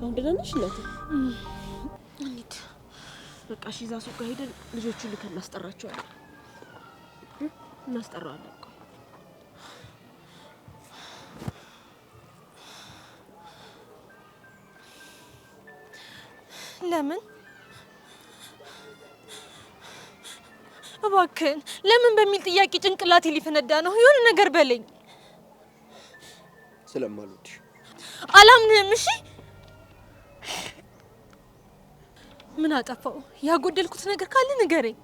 አሁን ደህና ነሽ እናቴ? እንዴት በቃ እሺ፣ እዛ ሱቅ ሄደን ልጆቹን ልከን እናስጠራቸዋለን። እናስጠራዋለን እኮ ለምን እባክህን ለምን በሚል ጥያቄ ጭንቅላቴ ሊፈነዳ ነው። የሆነ ነገር በለኝ ስለማልወድሽ አላምንህም። እሺ ምን አጠፋው? ያጎደልኩት ነገር ካለ ንገረኝ።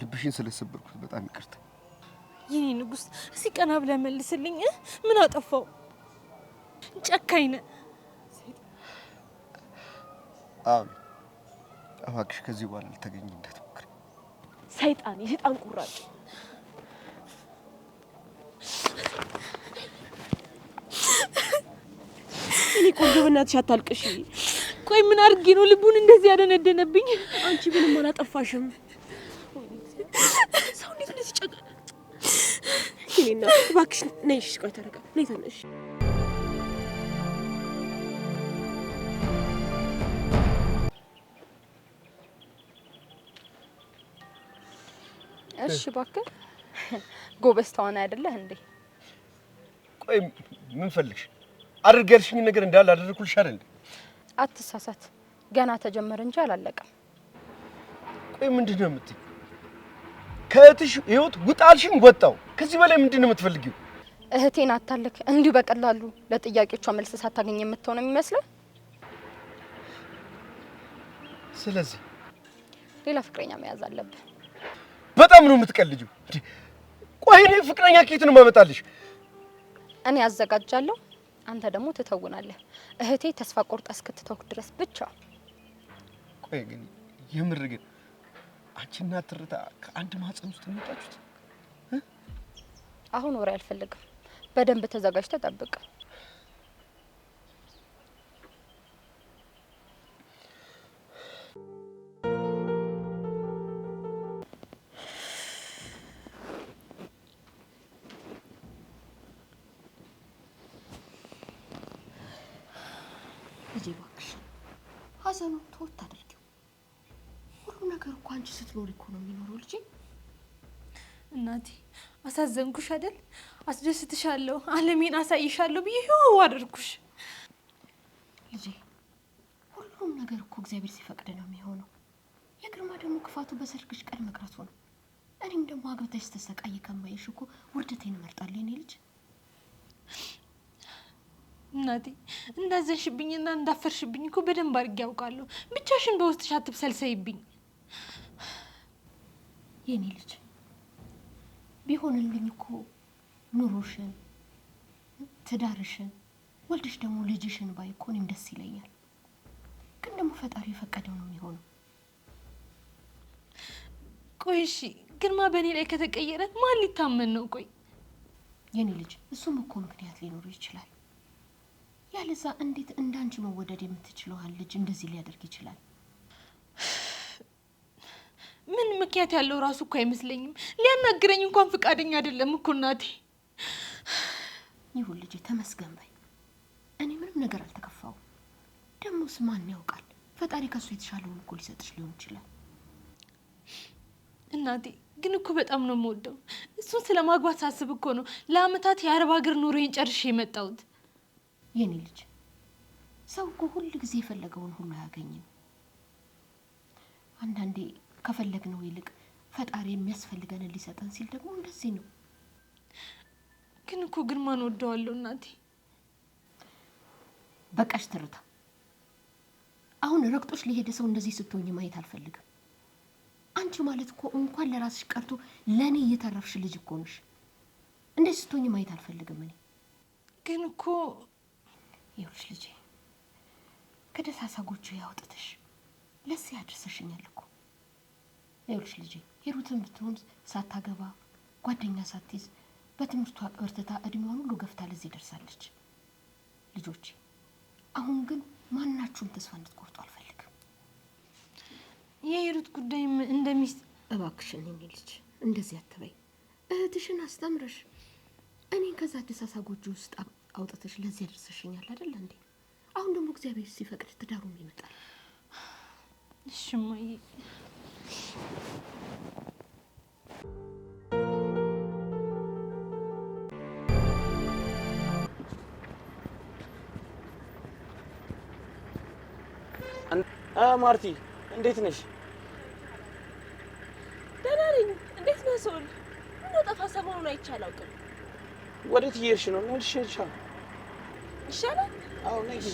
ልብሽን ስለሰበርኩት በጣም ይቅርታ። የኔ ንጉስ እስኪ ቀና ብለህ መልስልኝ። ምን አጠፋው? ጨካኝ ነህ። አዎ እባክሽ፣ ከዚህ በኋላ ልታገኝ እንዳትሞክሪ። ሰይጣን፣ የሰይጣን ቁራጭ እኔ ቆንጆ በእናትሽ አታልቅሽ። ቆይ ምን አድርጌ ነው ልቡን እንደዚህ ያደነደነብኝ? አንቺ ምንም አላጠፋሽም። ሰው እንዴት እንደዚህ ጨቅ ኪኒና፣ እባክሽ ነይሽ። ቆይ ተረጋ ነይ ተነሽ እሺ እባክህ ጎበዝ ተዋናይ አይደለህ እንዴ? ቆይ ምን ፈልግሽ? አድርገልሽኝ ነገር እንዳለ አደረኩልሽ አይደል? አትሳሳት፣ ገና ተጀመረ እንጂ አላለቀም። ቆይ ምንድን ነው የምትይው? ከእህትሽ ህይወት ውጣልሽም ወጣው። ከዚህ በላይ ምንድን ነው የምትፈልጊው? እህቴን አታልክ እንዲሁ በቀላሉ ለጥያቄዎቿ መልስ ሳታገኝ የምትሆነ የሚመስለው። ስለዚህ ሌላ ፍቅረኛ መያዝ አለብህ። በጣም ነው የምትቀልጂው። ቆይ እኔ ፍቅረኛ ከየት ነው የማመጣልሽ? እኔ አዘጋጃለሁ አንተ ደግሞ ትተውናለህ። እህቴ ተስፋ ቆርጣ እስክትተውክ ድረስ ብቻ። ቆይ ግን የምር ግን አንቺና ትርታ ከአንድ ማህፀን ውስጥ አሁን ወሬ አልፈልግም። በደንብ ተዘጋጅ ተጠብቅ። ልጄ እባክሽ ሀዘኑን ተወት አድርጊው። ሁሉ ነገር እኮ አንቺ ስትኖሪ እኮ ነው የሚኖረው ልጄ። እናቴ አሳዘንኩሽ አይደል? አስደስትሻለሁ፣ አለሜን አሳይሻለሁ ብዬ ህው አደርኩሽ ልጄ። ሁሉም ነገር እኮ እግዚአብሔር ሲፈቅድ ነው የሚሆነው። የግርማ ደግሞ ክፋቱ በሰርግሽ ቀን መቅረቱ ነው። እኔም ደግሞ አግብተሽ ተሰቃይ ከማየሽ እኮ ውርደቴን እመርጣለሁ እኔ ልጅ እናቴ እንዳዘንሽብኝና እንዳፈርሽብኝ እኮ በደንብ አድርጌ ያውቃለሁ። ብቻሽን በውስጥሽ አትብሰልሰይብኝ የኔ ልጅ። ቢሆንልኝ እኮ ኑሮሽን፣ ትዳርሽን ወልድሽ ደግሞ ልጅሽን ባይ እኮ እኔም ደስ ይለኛል። ግን ደግሞ ፈጣሪ የፈቀደው ነው የሚሆነው። ቆይ እሺ፣ ግርማ በእኔ ላይ ከተቀየረ ማን ሊታመን ነው? ቆይ የኔ ልጅ፣ እሱም እኮ ምክንያት ሊኖሩ ይችላል ያለዛ እንዴት እንዳንቺ መወደድ የምትችለዋል ልጅ እንደዚህ ሊያደርግ ይችላል? ምን ምክንያት ያለው ራሱ እኮ አይመስለኝም። ሊያናግረኝ እንኳን ፍቃደኛ አይደለም እኮ እናቴ። ይሁን ልጅ ተመስገን በይ። እኔ ምንም ነገር አልተከፋውም። ደግሞስ ማን ያውቃል? ፈጣሪ ከሱ የተሻለውን እኮ ሊሰጥሽ ሊሆን ይችላል። እናቴ ግን እኮ በጣም ነው የምወደው። እሱን ስለ ማግባት ሳስብ እኮ ነው ለአመታት የአረብ ሀገር ኑሮዬን ጨርሼ የመጣሁት። የኔ ልጅ ሰው እኮ ሁል ጊዜ የፈለገውን ሁሉ አያገኝም። አንዳንዴ ከፈለግነው ይልቅ ፈጣሪ የሚያስፈልገንን ሊሰጠን ሲል ደግሞ እንደዚህ ነው። ግን እኮ ግርማን ወደዋለሁ እናቴ። በቃሽ ትርታ። አሁን ረግጦች ለሄደ ሰው እንደዚህ ስትሆኝ ማየት አልፈልግም። አንቺ ማለት እኮ እንኳን ለራስሽ ቀርቶ ለእኔ እየተረፍሽ ልጅ እኮ ነሽ። እንደዚህ ስትሆኝ ማየት አልፈልግም እኔ ግን እኮ ይኸውልሽ ልጄ ከደሳሳጎቹ ጎጆ ለስ ያደርሰሽኛል እኮ። ይኸውልሽ ልጄ ሂሩትን ብትሆን ሳታገባ ጓደኛ ሳትይዝ በትምህርቷ በርትታ እድሜዋን ሁሉ ገፍታ ለዚህ ደርሳለች። ልጆች አሁን ግን ማናችሁም ተስፋ እንድትቆርጡ አልፈልግም። የሂሩት ጉዳይም እንደሚስ እባክሽን የኔ ልጅ እንደዚህ አትበይ። እህትሽን አስተምረሽ እኔን ከዛ ደሳሳ ጎጆ ውስጥ አውጥተሽ ለዚህ ያደርሰሽኛል አይደል እንዴ? አሁን ደግሞ እግዚአብሔር ሲፈቅድ ትዳሩም ይመጣል። እሺ እማዬ። ማርቲ እንዴት ነሽ? ደህና ነኝ። እንዴት ነህ? ሰውል ምን ጠፋ? ሰሞኑን አይቼ አላውቅም። ወዴት እየሄድሽ ነው? ምን ልሽ ሄድሽ? ይሻላል። አዎ ነሽ።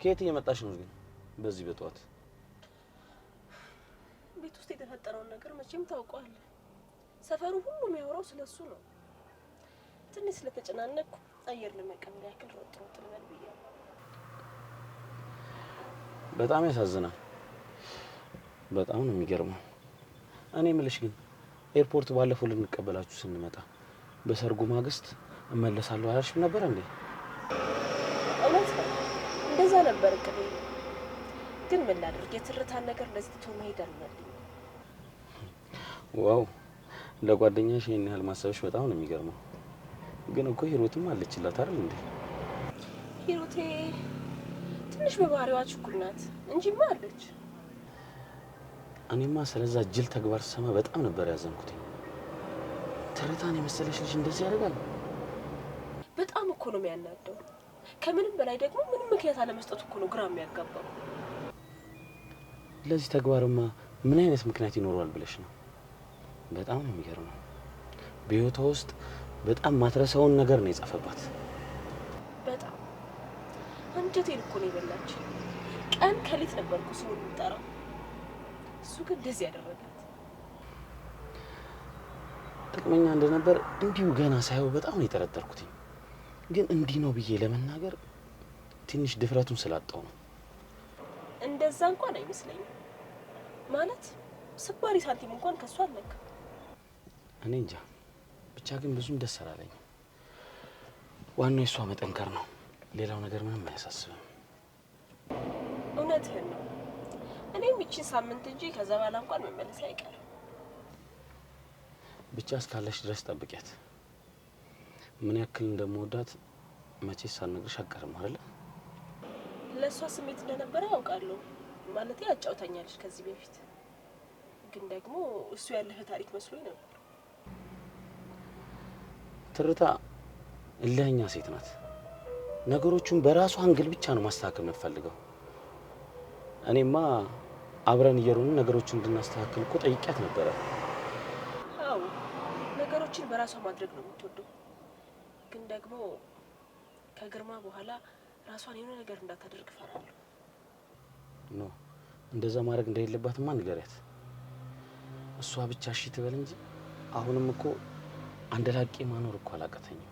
ከየት እየመጣሽ ነው ግን በዚህ በጠዋት? ቤት ውስጥ የተፈጠረውን ነገር መቼም ታውቀዋለህ። ሰፈሩ ሁሉ የሚያወራው ስለሱ ነው። ትንሽ ስለተጨናነኩ አየር ለመቀበል ያክል ሮጥ ሮጥ ልበል ብዬ። በጣም ያሳዝናል። በጣም ነው የሚገርመው። እኔ ምልሽ ግን ኤርፖርት ባለፈው ልንቀበላችሁ ስንመጣ በሰርጉ ማግስት እመለሳለሁ አያልሽም ነበር እንዴ? እውነት እንደዛ ነበር እቅዴ። ግን ምን ላድርግ፣ የትርታን ነገር እንደዚህ ትቶ መሄድ አልመልኝ። ዋው ለጓደኛሽ ይህን ያህል ማሰብሽ በጣም ነው የሚገርመው። ግን እኮ ሂሮትም አለችላት አይደል እንዴ? ሂሮቴ ትንሽ በባህሪዋ ችኩል ናት እንጂማ አለች። እኔማ ስለዛ ጅል ተግባር ስሰማ በጣም ነበር ያዘንኩት። ትርታን የመሰለች ልጅ እንደዚህ ያደርጋል። በጣም እኮ ነው የሚያናደው። ከምንም በላይ ደግሞ ምንም ምክንያት አለመስጠት እኮ ነው ግራ የሚያጋባው። ለዚህ ተግባርማ ምን አይነት ምክንያት ይኖረዋል ብለሽ ነው? በጣም ነው የሚገርመው። በህይወቷ ውስጥ በጣም ማትረሰውን ነገር ነው የጻፈባት። በጣም አንጀቴን እኮ ነው የበላች። ቀን ከሌት ነበርኩ ስሙን የምጠራው እሱ ግን እንደዚህ ያደረጋት ጥቅመኛ እንደነበር እንዲሁ ገና ሳየው በጣም ነው የጠረጠርኩት። ግን እንዲህ ነው ብዬ ለመናገር ትንሽ ድፍረቱን ስላጣው ነው። እንደዛ እንኳን አይመስለኝም። ማለት ስባሪ ሳንቲም እንኳን ከሱ አልነካም። እኔ እንጃ ብቻ ግን ብዙም ደስ አላለኝም። ዋናው የሷ መጠንከር ነው። ሌላው ነገር ምንም አያሳስብም። እውነትህን ነው። እኔም ይቺ ሳምንት እንጂ ከዛ በኋላ እንኳን መመለስ አይቀርም። ብቻ እስካለሽ ድረስ ጠብቂያት። ምን ያክል እንደምወዳት መቼ ሳልነግርሽ አቀርም አይደለ? ለእሷ ስሜት እንደነበረ ያውቃለሁ። ማለት አጫውታኛለች ከዚህ በፊት ግን ደግሞ እሱ ያለፈ ታሪክ መስሎኝ ነበር። ትርታ እልኸኛ ሴት ናት። ነገሮቹን በራሷ አንግል ብቻ ነው ማስተካከል የምትፈልገው። እኔማ አብረን እየሩን ነገሮችን እንድናስተካክል እኮ ጠይቂያት ነበረ። አዎ ነገሮችን በራሷ ማድረግ ነው የምትወደው፣ ግን ደግሞ ከግርማ በኋላ ራሷን የሆነ ነገር እንዳታደርግ እፈራለሁ። ኖ እንደዛ ማድረግ እንደሌለባትማ ንገሪያት። እሷ ብቻ እሺ ትበል እንጂ አሁንም እኮ አንደላቄ ማኖር እኮ አላቀተኝም።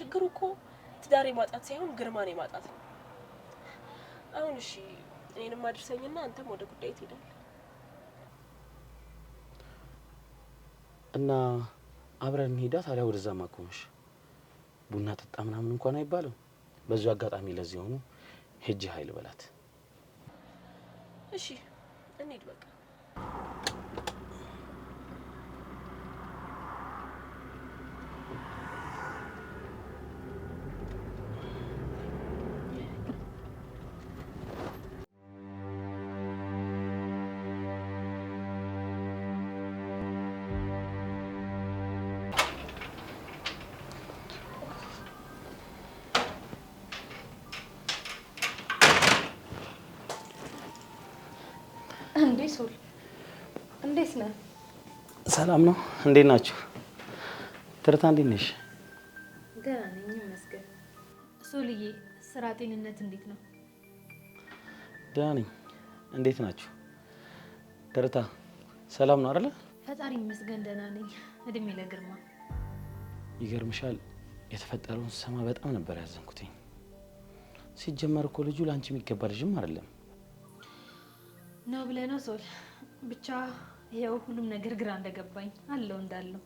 ችግሩ እኮ ትዳር የማጣት ሳይሆን ግርማን የማጣት ነው። አሁን እሺ፣ እኔንም አድርሰኝና አንተም ወደ ጉዳይ ትሄዳለህ። እና አብረን ሄዳ ታዲያ ወደዛ ማቆምሽ ቡና ጠጣ ምናምን እንኳን አይባልም። በዙ አጋጣሚ ለዚህ ሆኑ ሄጅ ሀይል በላት። እሺ እንሂድ በቃ። እንዴ ሶል፣ እንዴት ነህ? ሰላም ነው። እንዴት ናችሁ? ትርታ፣ እንዴት ነሽ? ደህና ነኝ ይመስገን። ሶልዬ፣ ስራ፣ ጤንነት እንዴት ነው? ደህና ነኝ። እንዴት ናችሁ? ትርታ፣ ሰላም ነው አይደለ? ፈጣሪ ይመስገን ደህና ነኝ። እድሜ ለግርማ። ይገርምሻል፣ የተፈጠረውን ስሰማ በጣም ነበር ያዘንኩትኝ። ሲጀመር እኮ ልጁ ለአንቺ የሚገባ ልጅም አይደለም። ነው ብለህ ነው ሶል? ብቻ ያው ሁሉም ነገር ግራ እንደገባኝ አለው እንዳለው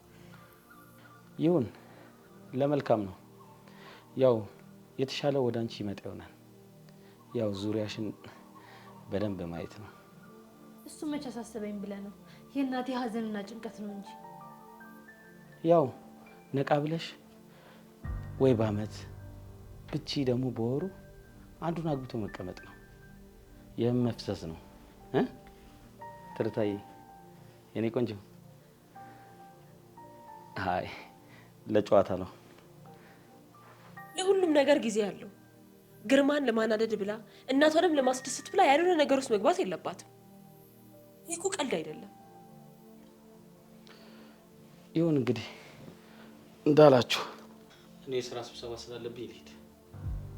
ይሁን። ለመልካም ነው ያው የተሻለ ወደ አንቺ ይመጣ ይሆናል። ያው ዙሪያሽን በደንብ ማየት ነው። እሱ መች አሳሰበኝ ብለህ ነው? የእናቴ ሀዘንና ጭንቀት ነው እንጂ ያው ነቃ ብለሽ ወይ በአመት ብቺ ደግሞ በወሩ አንዱን አግብቶ መቀመጥ ነው። የመፍሰስ ነው። ትርታዬ የኔ ቆንጆ፣ አይ ለጨዋታ ነው። ለሁሉም ነገር ጊዜ አለው። ግርማን ለማናደድ ብላ እናቷንም ለማስደሰት ብላ ያልሆነ ነገር ውስጥ መግባት የለባትም። ይህ እኮ ቀልድ አይደለም። ይሁን እንግዲህ እንዳላችሁ፣ እኔ የስራ ስብሰባ ስላለብኝ ልሂድ።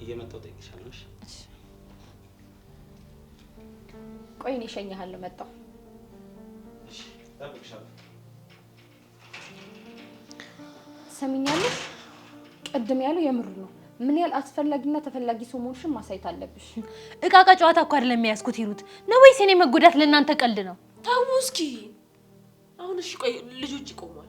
እየመጣሁ እጠይቅሻለሁ። ቆይ እኔ እሸኝሃለሁ። መጣሁ። ሰሚኛለሽ? ቅድም ያለው የምሩ ነው። ምን ያህል አስፈላጊና ተፈላጊ ሰው መሆንሽን ማሳየት አለብሽ። እቃ እቃ ጨዋታ እኮ አይደለም የሚያስኩት ይሩት ነው ወይስ እኔ መጎዳት ለእናንተ ቀልድ ነው? ታው እስኪ አሁን እሺ፣ ቆይ ልጆች ይቆማል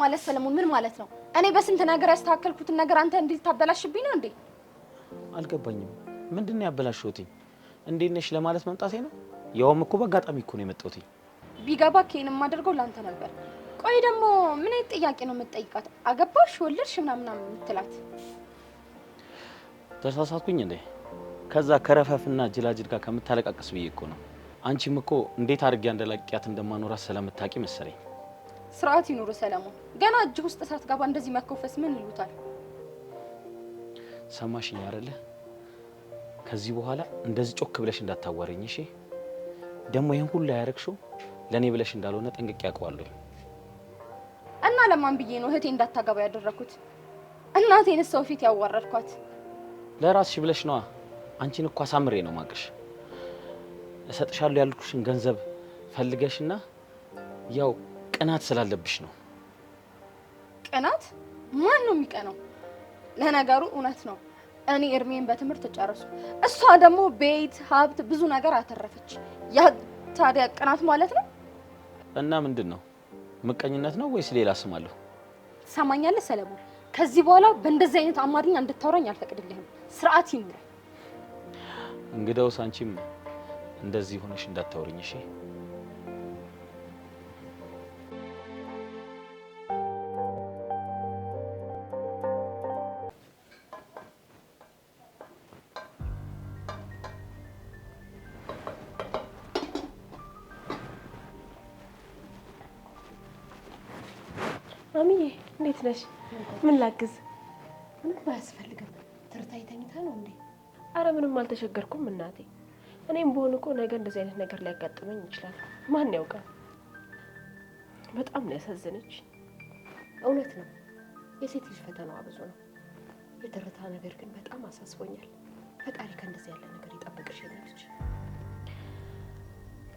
ማለት ሰለሞን ምን ማለት ነው? እኔ በስንት ነገር ያስተካከልኩትን ነገር አንተ እንዲህ ልታበላሽብኝ ነው እንዴ? አልገባኝም። ምንድን ነው ያበላሽሁትኝ? እንዴት ነሽ ለማለት መምጣቴ ነው። ያውም እኮ በአጋጣሚ እኮ ነው የመጣሁት። ቢገባ ኬን የማደርገው ላንተ ነበር። ቆይ ደግሞ ምን አይነት ጥያቄ ነው የምትጠይቃት? አገባሽ፣ ወለድሽ፣ ምናምን የምትላት ተሳሳትኩኝ እንዴ? ከዛ ከረፈፍና ጅላጅል ጋር ከምታለቃቅስ ብዬ እኮ ነው። አንቺም እኮ እንዴት አድርጊያ እንደላቂያት እንደማኖራት ስለምታውቂ መሰለኝ ስርዓት ይኑሩ። ሰለሞን ገና እጅ ውስጥ እሳት ገባ። እንደዚህ መኮፈስ ምን ይሉታል? ሰማሽኝ አይደለ? ከዚህ በኋላ እንደዚህ ጮክ ብለሽ እንዳታዋሪኝ እሺ። ደግሞ ይህን ሁሉ ያደረግሽው ለእኔ ብለሽ እንዳልሆነ ጠንቅቄ ያውቀዋለሁ። እና ለማን ብዬ ነው እህቴ እንዳታገባ ያደረኩት? እናቴን ሰው ፊት ያዋረድኳት ለራስሽ ብለሽ ነዋ። አንቺን እኮ አሳምሬ ነው ማቅሽ። እሰጥሻለሁ ያልኩሽን ገንዘብ ፈልገሽና ያው ቅናት ስላለብሽ ነው። ቅናት? ማን ነው የሚቀናው? ለነገሩ እውነት ነው። እኔ እድሜን በትምህርት ጨረሱ፣ እሷ ደግሞ ቤት፣ ሀብት፣ ብዙ ነገር አተረፈች። ያ ታዲያ ቅናት ማለት ነው? እና ምንድን ነው ምቀኝነት ነው ወይስ ሌላ ስም አለው? ትሰማኛለህ ሰለሞን፣ ከዚህ በኋላ በእንደዚህ አይነት አማርኛ እንድታወራኝ አልፈቅድልህም። ስርዓት ይኑር። እንግዳውስ አንቺም እንደዚህ ሆነሽ እንዳታወሪኝ እሺ? ማሚዬ እንዴት ነሽ? ምን ላግዝ? ምንም አያስፈልግም። ትርታ ይተኝታ ነው እንዴ? አረ ምንም አልተሸገርኩም እናቴ። እኔም በሆን እኮ ነገ እንደዚህ አይነት ነገር ሊያጋጥመኝ ይችላል። ማን ያውቃል? በጣም ነው ያሳዘነች። እውነት ነው፣ የሴት ልጅ ፈተናዋ ብዙ ነው። የትርታ ነገር ግን በጣም አሳስቦኛል። ፈጣሪ ከእንደዚህ ያለ ነገር ይጠብቅሽ። ልጅ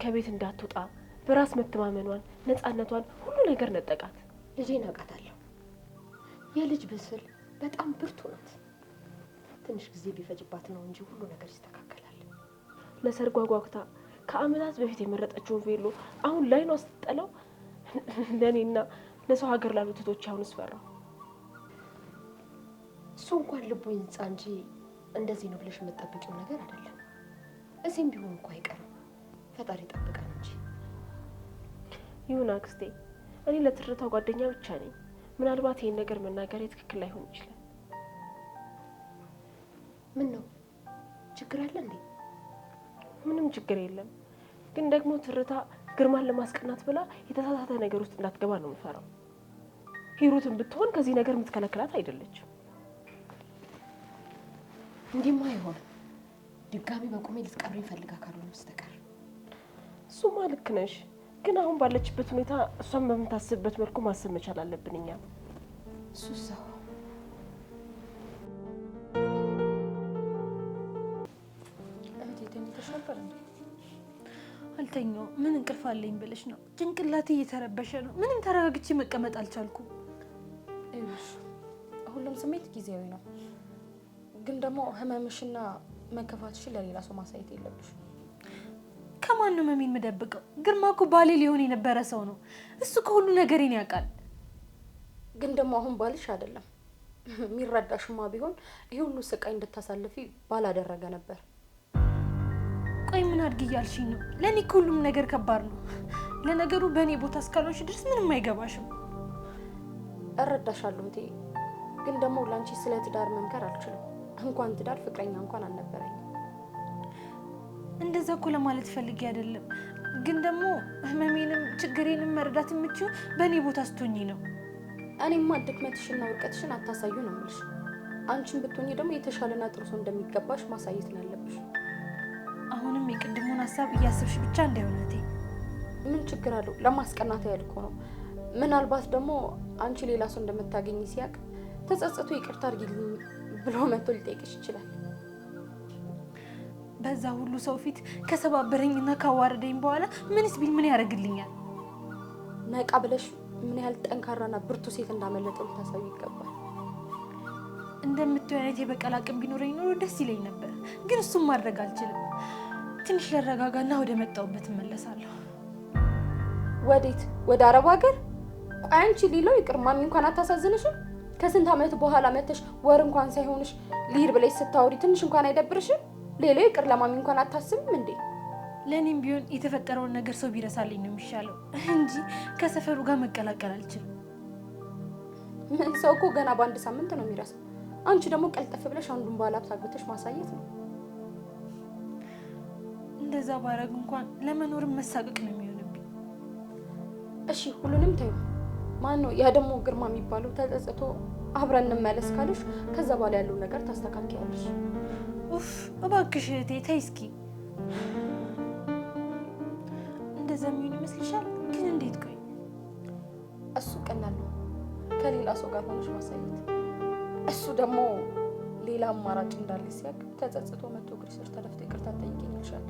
ከቤት እንዳትወጣ በራስ መተማመኗን፣ ነፃነቷን ሁሉ ነገር ነጠቃት። ልጄን አውቃታለሁ። የልጅ ብስል በጣም ብርቱ ናት። ትንሽ ጊዜ ቢፈጅባት ነው እንጂ ሁሉ ነገር ይስተካከላል። ለሰርጓ ጓጉታ በፊት የመረጠችውን ቬሎ አሁን ላይ ነው ስትጠለው። ለእኔና ለሰው ሀገር ላሉ ትቶች አሁን ስፈራው እሱ እንኳን ልቡ ይንጻ እንጂ እንደዚህ ነው ብለሽ የምጠብቂው ነገር አይደለም። እዚህም ቢሆን እንኳ አይቀርም። ፈጣሪ ጠብቀን እንጂ ይሁን አክስቴ እኔ ለትርታው ጓደኛ ብቻ ነኝ። ምናልባት ይህን ነገር መናገር ትክክል ላይሆን ይችላል። ምን ነው ችግር አለ እንዴ? ምንም ችግር የለም። ግን ደግሞ ትርታ ግርማን ለማስቀናት ብላ የተሳሳተ ነገር ውስጥ እንዳትገባ ነው የምፈራው። ሂሩትን ብትሆን ከዚህ ነገር የምትከለክላት አይደለችም። እንዲህማ አይሆንም። ድጋሚ በቁሜ ልትቀብረኝ ፈልጋ ካልሆነ በስተቀር እሱማ ልክ ነሽ። ግን አሁን ባለችበት ሁኔታ እሷን በምታስብበት መልኩ ማሰብ መቻል አለብን እኛ አልተኛው ምን እንቅልፍ አለኝ ብለሽ ነው? ጭንቅላት እየተረበሸ ነው። ምንም ተረጋግቼ መቀመጥ አልቻልኩም። ሁሉም ስሜት ጊዜያዊ ነው፣ ግን ደግሞ ህመምሽና መከፋትሽን ለሌላ ሰው ማሳየት የለብሽ ከማን ነው መሚን የምደብቀው? ግርማ እኮ ባሌ ሊሆን የነበረ ሰው ነው። እሱ ከሁሉ ነገሬን ያውቃል። ግን ደግሞ አሁን ባልሽ አይደለም የሚረዳሽማ ቢሆን ይህ ሁሉ ስቃይ እንድታሳልፊ ባላደረገ ነበር። ቆይ ምን አድግ እያልሽኝ ነው? ለእኔ ሁሉም ነገር ከባድ ነው። ለነገሩ በእኔ ቦታ እስካልሆንሽ ድረስ ምንም አይገባሽም። እረዳሻለሁ እቴ፣ ግን ደግሞ ለአንቺ ስለ ትዳር መምከር አልችልም። እንኳን ትዳር ፍቅረኛ እንኳን አልነበረኝ እንደዛ እኮ ለማለት ፈልጌ አይደለም፣ ግን ደግሞ ህመሜንም ችግሬንም መረዳት የምችው በእኔ ቦታ ስቶኝ ነው። እኔማ ድክመትሽና ውድቀትሽን አታሳዩ ነው የምልሽ። አንቺን ብትሆኚ ደግሞ የተሻለና ጥሩ ሰው እንደሚገባሽ ማሳየት ነው ያለብሽ። አሁንም የቅድሙን ሀሳብ እያስብሽ ብቻ እንዳይሆን ምን ችግር አለው? ለማስቀናት ያህል ነው። ምናልባት ደግሞ አንቺ ሌላ ሰው እንደምታገኝ ሲያቅ ተጸጽቶ ይቅርታ አድርጊልኝ ብሎ መቶ ሊጠይቅሽ ይችላል። በዛ ሁሉ ሰው ፊት ከሰባበረኝና ካዋረደኝ በኋላ ምንስ ቢል ምን ያደርግልኛል? ነቃ ብለሽ ምን ያህል ጠንካራና ብርቱ ሴት እንዳመለጠው ልታሳዩ ይገባል። እንደምትይው አይነት የበቀል አቅም ቢኖረኝ ኖሮ ደስ ይለኝ ነበር፣ ግን እሱም ማድረግ አልችልም። ትንሽ ልረጋጋና ወደ መጣሁበት እመለሳለሁ። ወዴት? ወደ አረብ ሀገር? ቆይ አንቺ ይቅር፣ ማሚ እንኳን አታሳዝንሽም? ከስንት ዓመት በኋላ መተሽ ወር እንኳን ሳይሆንሽ ልሂድ ብለሽ ስታወሪ ትንሽ እንኳን አይደብርሽም? ሌላው ይቅር ለማሚ እንኳን አታስብም እንዴ? ለእኔም ቢሆን የተፈጠረውን ነገር ሰው ቢረሳልኝ ነው የሚሻለው እንጂ ከሰፈሩ ጋር መቀላቀል አልችልም። ምን ሰው እኮ ገና በአንድ ሳምንት ነው የሚረሳው። አንቺ ደግሞ ቀልጠፍ ብለሽ አንዱን ባለሀብት አግብተሽ ማሳየት ነው። እንደዛ ባረግ እንኳን ለመኖርም መሳቀቅ ነው የሚሆንብኝ። እሺ ሁሉንም ተዩ። ማን ነው ያ ደግሞ ግርማ የሚባለው ተጸጽቶ አብረን እንመለስ ካለሽ ከዛ በኋላ ያለው ነገር ታስተካክያለሽ። ኡፍ እባክሽ እህቴ ተይ እስኪ። እንደዛ የሚሆን ይመስልሻል? ግን እንዴት? ቆይ እሱ ቀላል ነው፣ ከሌላ ሰው ጋር ሆነሽ ማሳየት። እሱ ደግሞ ሌላ አማራጭ እንዳለ ሲያውቅ ተጸጽቶ መቶ እግር ስር ተደፍቶ ይቅርታ ጠይቄ ይልሻል።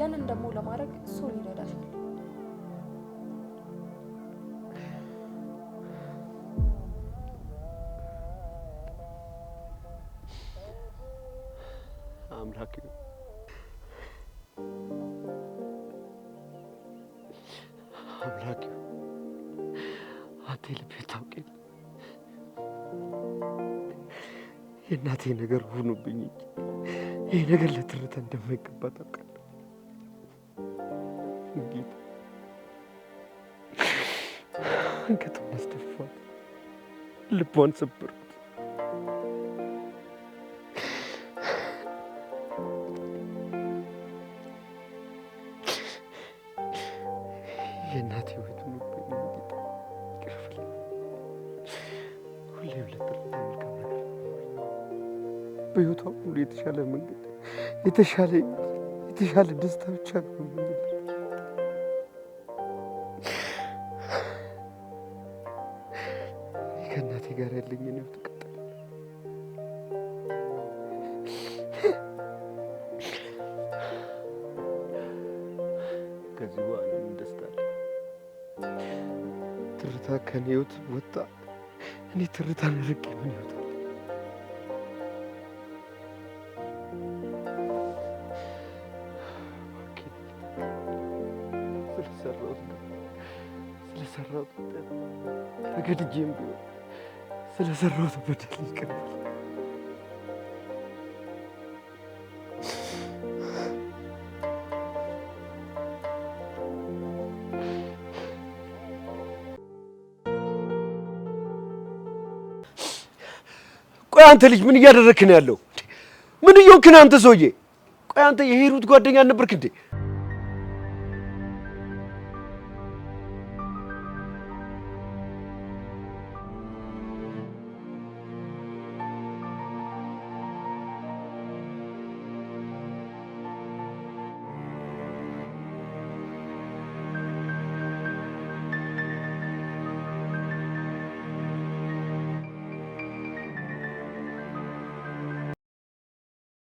ያንን ደግሞ ለማድረግ እሱ ይረዳሻል። ይሄ ነገር ሆኖብኝ ይህ ነገር ለትርታ እንደማይገባ ታውቃለህ። እንዴት አንገቷን አስደፋት፣ ልቧን ሰበርኩ። የተሻለ የተሻለ ደስታ ብቻ ነው። ከእናቴ ጋር ያለኝ ነው ትቀጥል ከዚህ በኋላ ምን ደስታ አለ? ትርታ ከኔ ህይወት ወጣ። እኔ ርቄ ምን ይወጣ ልጄም ቢሆን ስለሰራሁት በደል ይቅር በለኝ። ቆይ አንተ ልጅ ምን እያደረግህ ያለው? ምን እየሆንክ አንተ ሰውዬ? ቆይ አንተ የሂሩት ጓደኛ አልነበርክ እንዴ?